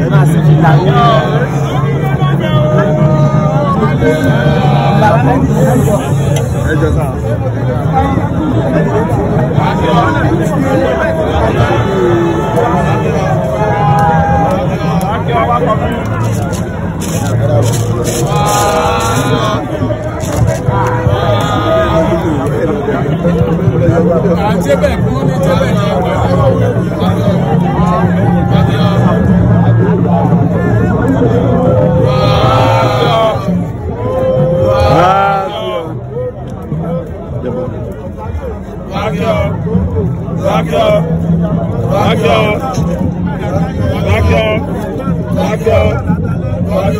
ẹ máa sì fi làwọn. ẹ jọ sá. àti ẹ̀bẹ̀ kúrú ní tẹ́lẹ̀ ní ìgbà.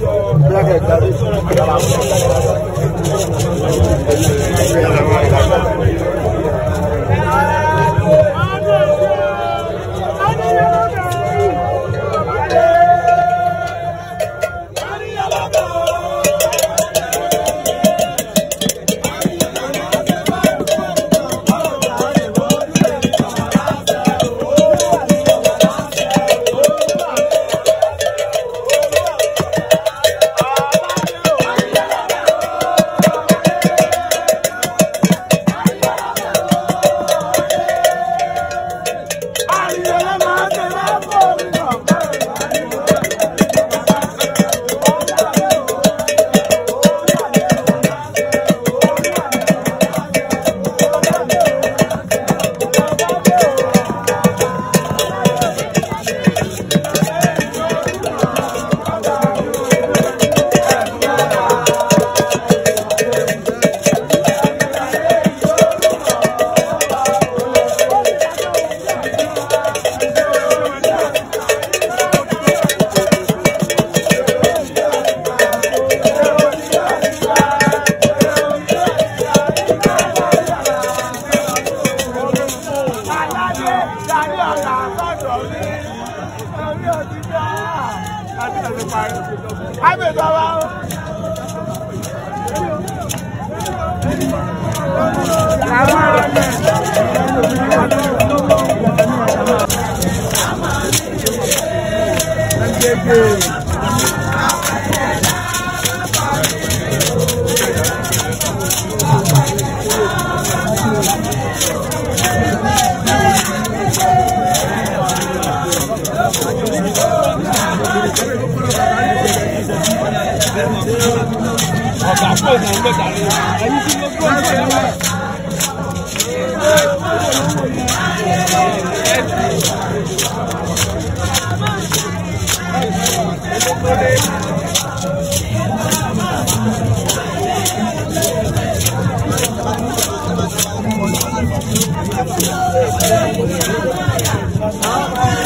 Black है I'm a 过程在讲，咱们是个过程嘛。Thank you.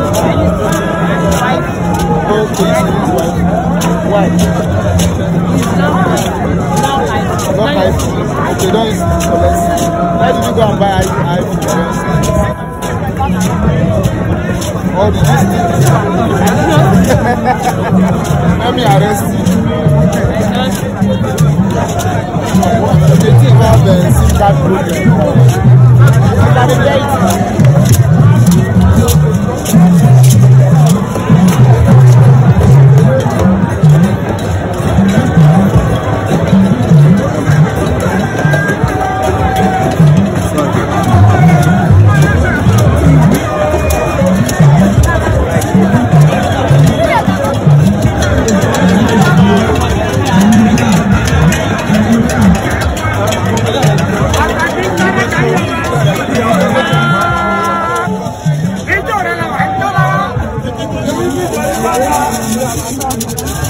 Why? Not five. Okay, don't use it for less. Why did you go and buy iPhone for less? Or did you steal? Let me arrest you. The thing about the SIM card program. You can get it. 감사합니다.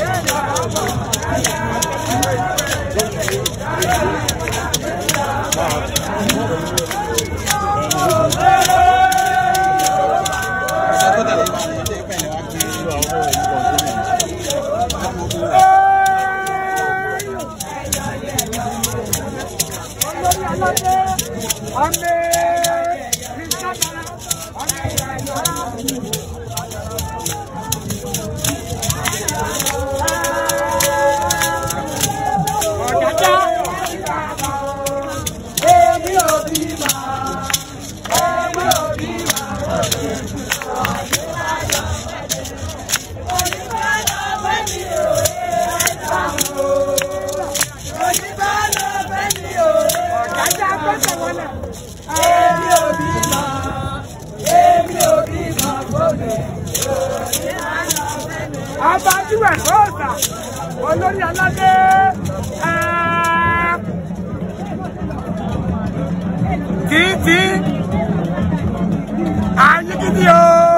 aṣáájú ẹ̀kọ́ ọ̀sà olórí aládé títí ayé gidi o.